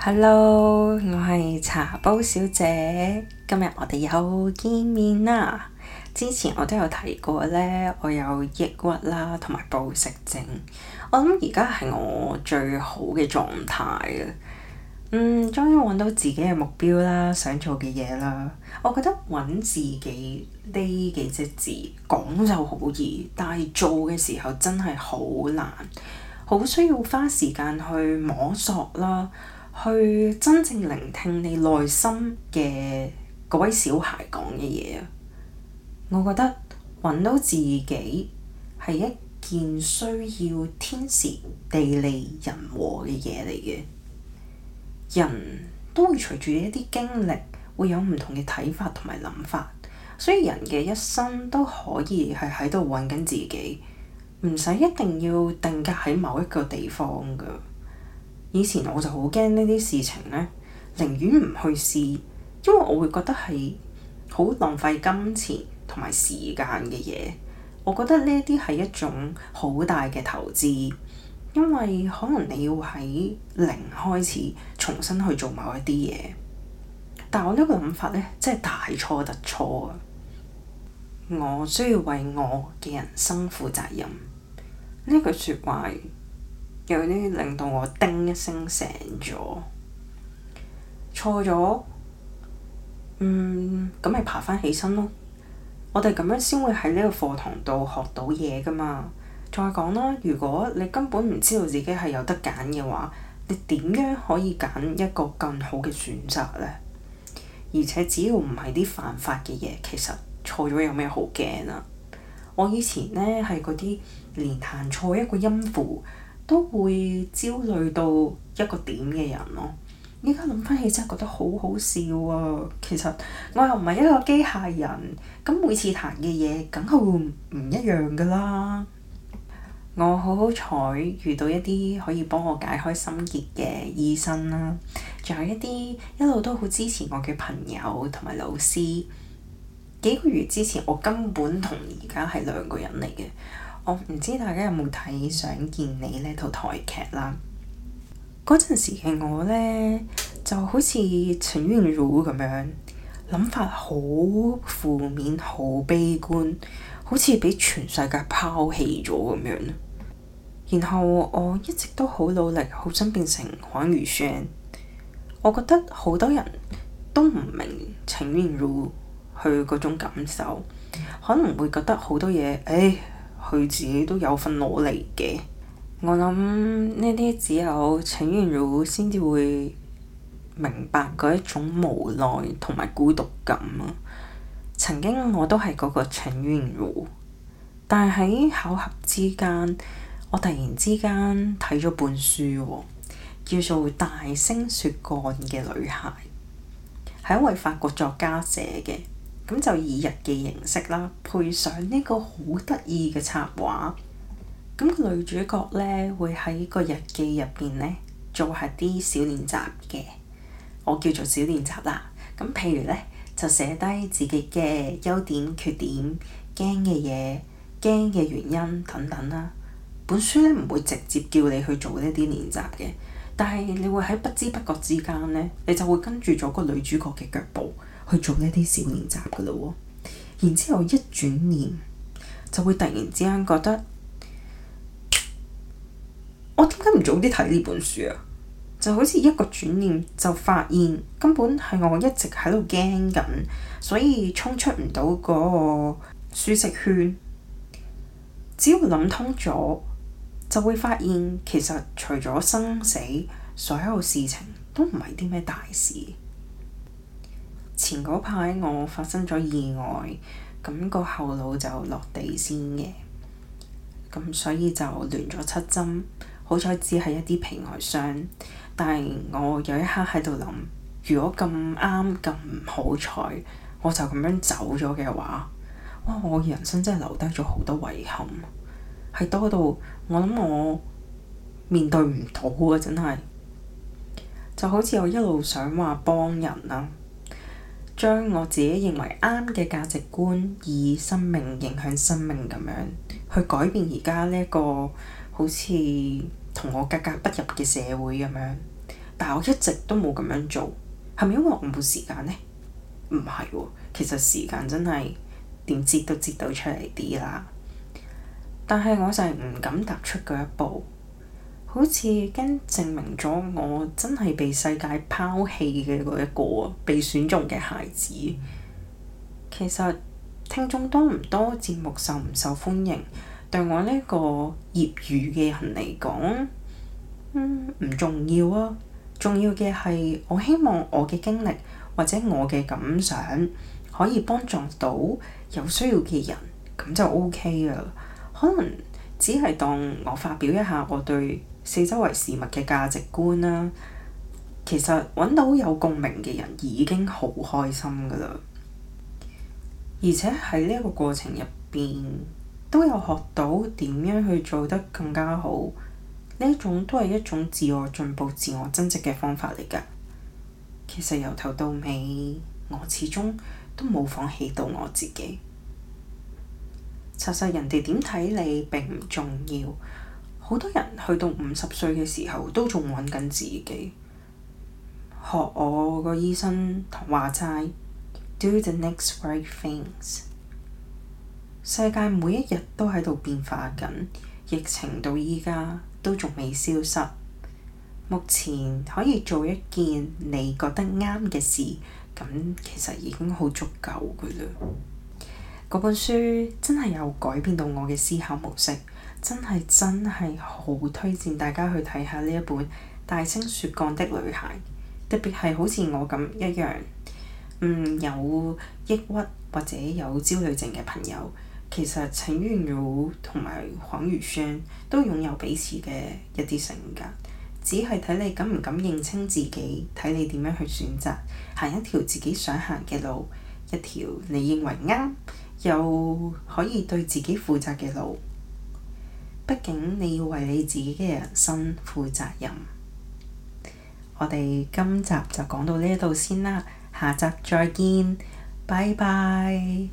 Hello，我係茶煲小姐。今日我哋又見面啦。之前我都有提過咧，我有抑鬱啦，同埋暴食症。我諗而家係我最好嘅狀態啊。嗯，終於揾到自己嘅目標啦，想做嘅嘢啦。我覺得揾自己呢幾隻字講就好易，但係做嘅時候真係好難，好需要花時間去摸索啦。去真正聆聽你內心嘅嗰位小孩講嘅嘢啊！我覺得揾到自己係一件需要天時地利人和嘅嘢嚟嘅。人都會隨住一啲經歷會有唔同嘅睇法同埋諗法，所以人嘅一生都可以係喺度揾緊自己，唔使一定要定格喺某一個地方㗎。以前我就好驚呢啲事情呢，寧願唔去試，因為我會覺得係好浪費金錢同埋時間嘅嘢。我覺得呢啲係一種好大嘅投資，因為可能你要喺零開始重新去做某一啲嘢。但我呢個諗法呢，真係大錯特錯啊！我需要為我嘅人生負責任。呢句説話。有啲令到我叮一聲醒，醒咗，錯咗。嗯，咁咪爬翻起身咯。我哋咁樣先會喺呢個課堂度學到嘢㗎嘛。再講啦，如果你根本唔知道自己係有得揀嘅話，你點樣可以揀一個更好嘅選擇呢？而且只要唔係啲犯法嘅嘢，其實錯咗有咩好驚啊？我以前呢係嗰啲連彈錯一個音符都會焦慮到一個點嘅人咯。依家諗翻起真係覺得好好笑啊！其實我又唔係一個機械人，咁每次彈嘅嘢梗係會唔一樣㗎啦。我好好彩遇到一啲可以幫我解開心結嘅醫生啦、啊，仲有一啲一路都好支持我嘅朋友同埋老師。幾個月之前，我根本同而家係兩個人嚟嘅。我唔知大家有冇睇《想見你》呢套台劇啦。嗰陣時嘅我呢，就好似陳韻如咁樣，諗法好負面、好悲觀，好似俾全世界拋棄咗咁樣。然後我一直都好努力，好想變成黃雨萱。我覺得好多人都唔明陳韻如佢嗰種感受，可能會覺得好多嘢，誒、哎、～佢自己都有份努力嘅。我諗呢啲只有請完咗先至會明白嗰一種無奈同埋孤獨感啊！曾經我都係嗰個請完咗，但係喺巧合之間，我突然之間睇咗本書喎，叫做《大聲説幹嘅女孩》，係一位法國作家寫嘅。咁就以日記形式啦，配上呢個好得意嘅插畫。咁個女主角咧，會喺個日記入邊咧做下啲小練習嘅。我叫做小練習啦。咁譬如咧，就寫低自己嘅優點、缺點、驚嘅嘢、驚嘅原因等等啦。本書咧唔會直接叫你去做呢啲練習嘅，但係你會喺不知不覺之間咧，你就會跟住咗個女主角嘅腳步。去做呢啲小練習嘅咯。然之後一轉念就會突然之間覺得，我點解唔早啲睇呢本書啊？就好似一個轉念就發現根本係我一直喺度驚緊，所以衝出唔到嗰個舒適圈。只要諗通咗，就會發現其實除咗生死，所有事情都唔係啲咩大事。前嗰排我發生咗意外，咁、嗰個後腦就落地先嘅，咁所以就攣咗七針。好彩只係一啲皮外傷，但係我有一刻喺度諗：如果咁啱咁好彩，我就咁樣走咗嘅話，哇！我人生真係留低咗好多遺憾，係多到我諗我面對唔到啊！真係就好似我一路想話幫人啊～將我自己認為啱嘅價值觀以生命影響生命咁樣去改變而家呢一個好似同我格格不入嘅社會咁樣，但我一直都冇咁樣做，係咪因為我冇時間呢？唔係喎，其實時間真係點擠都擠到出嚟啲啦，但係我就係唔敢踏出嗰一步。好似已經證明咗我真係被世界拋棄嘅嗰一個被選中嘅孩子。其實聽眾多唔多，節目受唔受歡迎，對我呢個業餘嘅人嚟講，嗯，唔重要啊。重要嘅係我希望我嘅經歷或者我嘅感想，可以幫助到有需要嘅人，咁就 OK 啊。可能只係當我發表一下我對四周圍事物嘅價值觀啦，其實揾到有共鳴嘅人已經好開心噶啦，而且喺呢一個過程入邊都有學到點樣去做得更加好，呢一種都係一種自我進步、自我增值嘅方法嚟噶。其實由頭到尾，我始終都冇放棄到我自己。查實人哋點睇你並唔重要。好多人去到五十歲嘅時候，都仲搵緊自己。學我個醫生話齋，Do the next right things。世界每一日都喺度變化緊，疫情到依家都仲未消失。目前可以做一件你覺得啱嘅事，咁其實已經好足夠㗎喇。嗰本書真係有改變到我嘅思考模式。真係真係好推薦大家去睇下呢一本《大聲説講的女孩》，特別係好似我咁一樣，嗯，有抑鬱或者有焦慮症嘅朋友，其實陳冠儒同埋黃如霜都擁有彼此嘅一啲性格，只係睇你敢唔敢認清自己，睇你點樣去選擇行一條自己想行嘅路，一條你認為啱又可以對自己負責嘅路。畢竟你要為你自己嘅人生負責任。我哋今集就講到呢度先啦，下集再見，拜拜。